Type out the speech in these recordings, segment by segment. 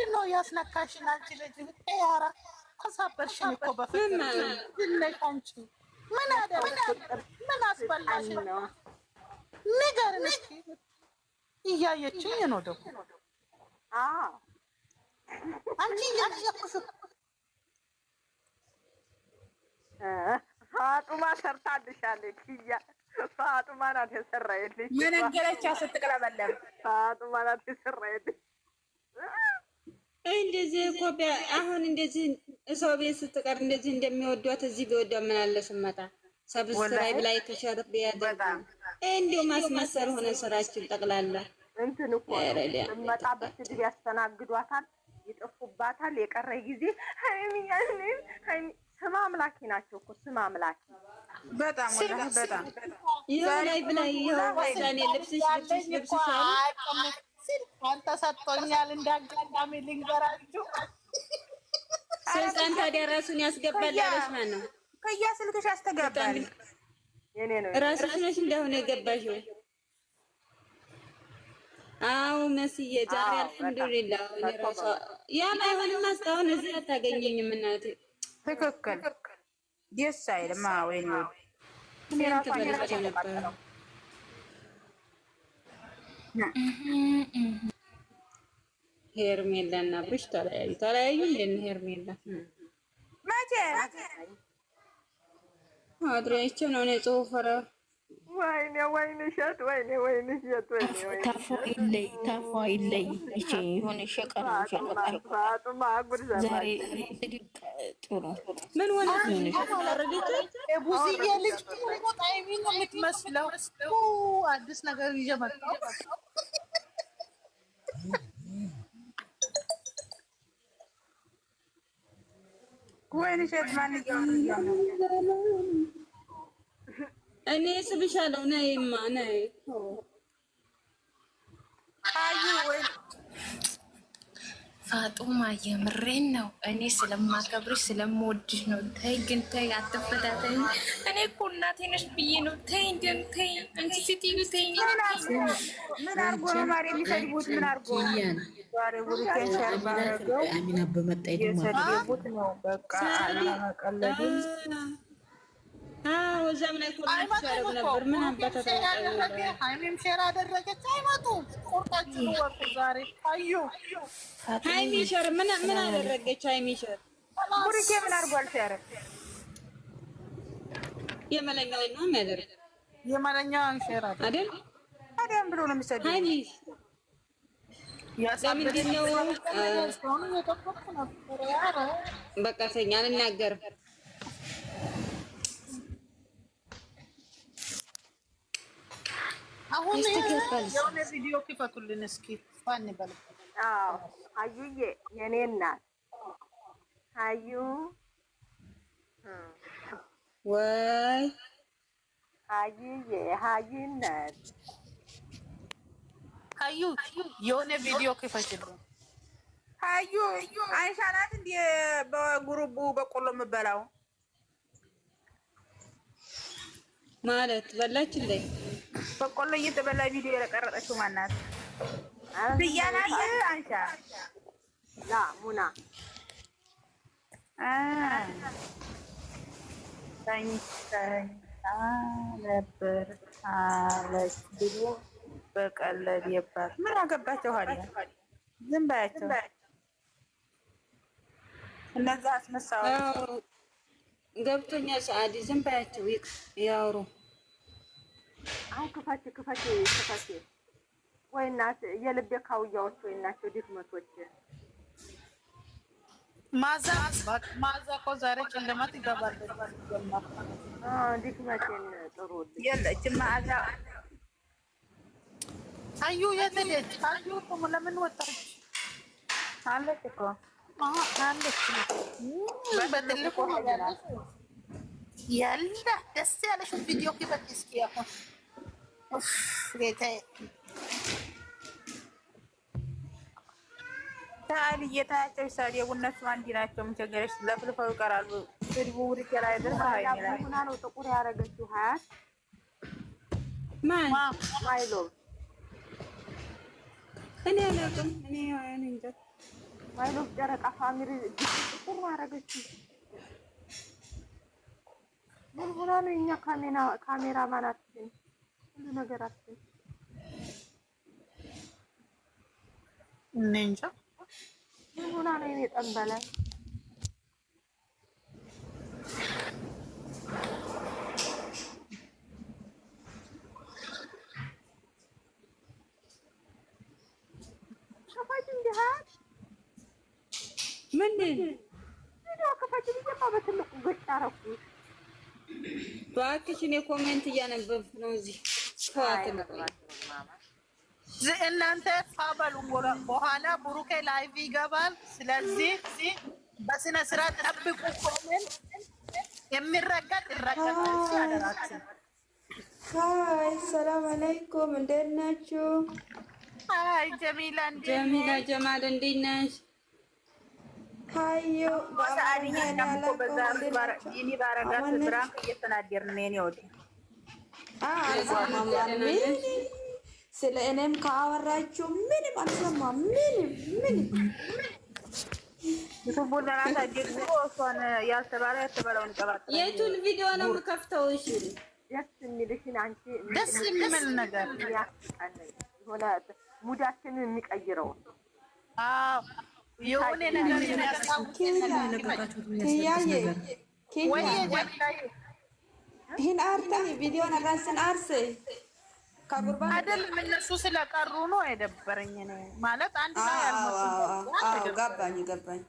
ምንድን ነው ያስነካሽን? አንቺ ልጅ ያራ አሳበርሽን እኮ በፍቅር ድነሽ አንቺ ምን ምን አስበላሽ? ንገርን እስኪ። እያየችኝ ነው ደግሞ አንቺ እያየኩሽ ፋጡማ ሰርታልሻለች። እያ ፋጡማ ናት የሰራየልኝ። ምን ነገረቻት? ስትቅለበለም ፋጡማ ናት የሰራየልኝ እንደዚህ እኮ አሁን እንደዚህ ሰው ቤት ስትቀር እንደዚህ እንደሚወዷት እዚህ ቢወዷ ምን አለ ስመጣ ሰብስክራይብ ላይ ተሸርፍ ቢያደርግ እንዲሁ ማስመሰል ሆነ ስራችን ጠቅላላ እንትን እኮ ስመጣ በስድብ ያስተናግዷታል፣ ይጥፉባታል። የቀረ ጊዜ ሀይሚያንም ስማ አምላኪ ናቸው እኮ ስማ አምላኪ በጣም በጣም ይኸው ላይ ብላይ ይኸው ልብስሽ ልብስሽ ልብስሽ ሲል አንተ ሰጥቶኛል። እንዳጋጣሚ ልንገራችሁ ስልጣን ታዲያ ራሱን ያስገባል ያለሽ ማን ነው? ከያ ስልክሽ ያስተገባል የኔ ነው። ራስሽ ነሽ እንደሆነ የገባሽው። አዎ መስዬ ዛሬ አልሐምዱሊላህ ያ ባይሆንማ እስካሁን እዚህ አታገኘኝም። እናቴ ትክክል ደስ አይልም። አዎ የኔ ነው። ምን ትበላቸው ነበር ሄርሜላ እና ብርሽ ተለያዩ። ተለያዩ እንዴት ሄርሜላ? መቼ አድሬያቸው ነው እኔ ጽሁፍ ኧረ ወይኔ ወይኔ ሸት ወይኔ ወይኔ ሸት ወይኔ ታፎ ይለይ ታፎ ይለይ። እቺ የሆነ ሸቀራ ምን ሆነ? ልጅ የምትመስለው አዲስ ነገር ይዤ መጣሁ እኔ ስብሻለሁ ነይማ ነይ ፋጡማ የምሬን ነው። እኔ ስለማከብርሽ ስለምወድሽ ነው። ተይ ግን ተይ፣ አትፈታተኝ። እኔ እኮ እናቴ ነሽ ብዬ ነው። ተይ ግን ተይ፣ እንጂ ስትዩ ተይ። ምን አርጎ ነው ማሪ የሚሰድቡት? ምን አርጎ ነው እዛም ላይ ነበር ምን ሃይሚም ሼር አደረገች። አይመጡም። ቁርጣችሁ ወጡ። ዛሬ አዩ ሃይሚ ሼር ምን ምን አደረገች? ሃይሚ ሼር ሙሪኬ ምን አድርጓል? ሼር የመለኛው ነው ማለት የመለኛው ሼር አይደል? ታዲያም ብሎ ነው የሚሰደው ሃይሚ ለምንድን ነው በቃ ተኛ አልናገርም አሁን የሆነ ቪዲዮ ክፈቱልን እስኪ ባንበል። አዩዬ የኔ እናት አዩ ወይ አዩዬ አዩነት አዩ የሆነ ቪዲዮ ክፈቱልን። አዩ አይሻናት እንደ በጉሩቡ በቆሎ የምበላው ማለት በላች እንደ በቆሎ እየተበላ ቪዲዮ የቀረጠችው ማናት? ብያናት አንቻ ላ ሙና ነበር አለች ብሎ በቀለድ የባት ምን አገባቸው? ሀዲያ ዝም እነዛ ገብቶኛ ሰዓዲ ዝም በያቸው ያውሩ። አሁን ክፈች ክፈች ክፈች። ወይ እናት የልቤ ካውያዎች ወይ እናቸው ድክመቶች ማዛ ማዛ እኮ ዛሬ ጨለማት ይገባል። ድክመቴን ጥሩ የለችም ማዛ አዩ የት ሄደች? አዩ ለምን ወጣች? አለች እኮ በትልቁ የለ ደስ ያለሽን ቪዲዮ ክበት እስኪ አሁን ቤታዬ ታል እየታያቸው ሳዲያ እነሱ አንድ ናቸው። ምን ቸገረሽ? ለፍልፈው ይቀራሉ። ስድቡ ውድቄ ላይ ደርሳ ሆና ነው ጥቁር ያደረገችው ሀያት ማን ማይሎ እኔ አላውቅም እኔ እንጃ ባይሎክ ጨረቃ ፋሚሊ ጥቁር ማረገች። ምን ሆና ነው? የኛ ካሜራ ካሜራማን አትችል ሁሉ ነገር እኔ እንጃ ምን ሆና ነው የኔ ጠንበላል ምንድን ቪዲዮ ከፈች ቢጀማ እባክሽ እኔ ኮሜንት እያነበብኩ ነው። እዚህ እናንተ ፋበሉ በኋላ ብሩኬ ላይቭ ይገባል። ስለዚህ በስነ ስርዓት ጠብቁ። ኮሜንት የሚረገጥ ይረገጣል። ሰላም አለይኩም፣ እንዴት ናችሁ? ጀሚላ ጀማል እንዴት ነሽ? ስለ እኔም ካወራችሁ ምንም አልሰማ ምንም ምንም የቱን ቪዲዮ ነው የምከፍተው? እሺ ደስ የሚልሽን አንቺ ደስ የሚል ነገር ሙዳችንን የሚቀይረው የሆነ ነገር ይህን አርታ ቪዲዮ ነገር ስንአርስ አይደለም እነሱ ስለቀሩ ነው የደበረኝ ማለት አንድ ላይ ገባኝ ገባኝ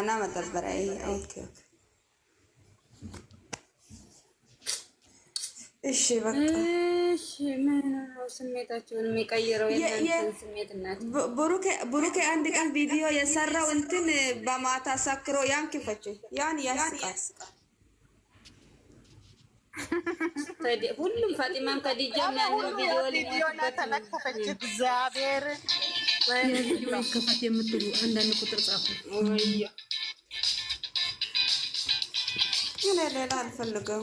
እና መጠበረ እሺ በቃ ትንሽ ምን ስሜታቸውን የሚቀይረው ብሩኬ አንድ ቀን ቪዲዮ የሰራው እንትን በማታ ሰክሮ ያን ክፈችው ያን ያስቃል። ሁሉም ፋጢማም ከዲጃ የምትሉ አንዳንድ ቁጥር ጻፉ። ሌላ አልፈልገው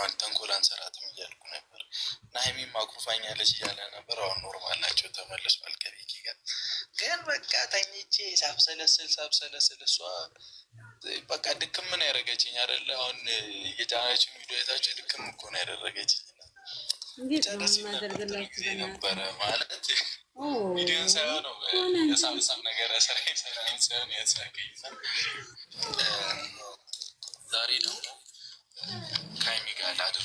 ተንኮል ተንኮል አንሰራትም እያልኩ ነበር እና ሀይሚም አኩርፋኛለች እያለ ነበር። አሁን ኖርማል ናቸው ተመለሱ ከቤኪ ጋር ግን በቃ ተኝቼ ሳብሰለስል ሳብሰለስል እሷ በቃ ድክም ምን ያደረገችኝ አደለ አሁን የጫናችን ቪዲዮታቸው ድክም እኮ ነው ያደረገችኝ። ነበረ ማለት ቪዲዮን ሳይሆን የሳምሳም ነገር ሰራ ሳይሆን ያሳገኝዛል ዛሬ ደግሞ and I do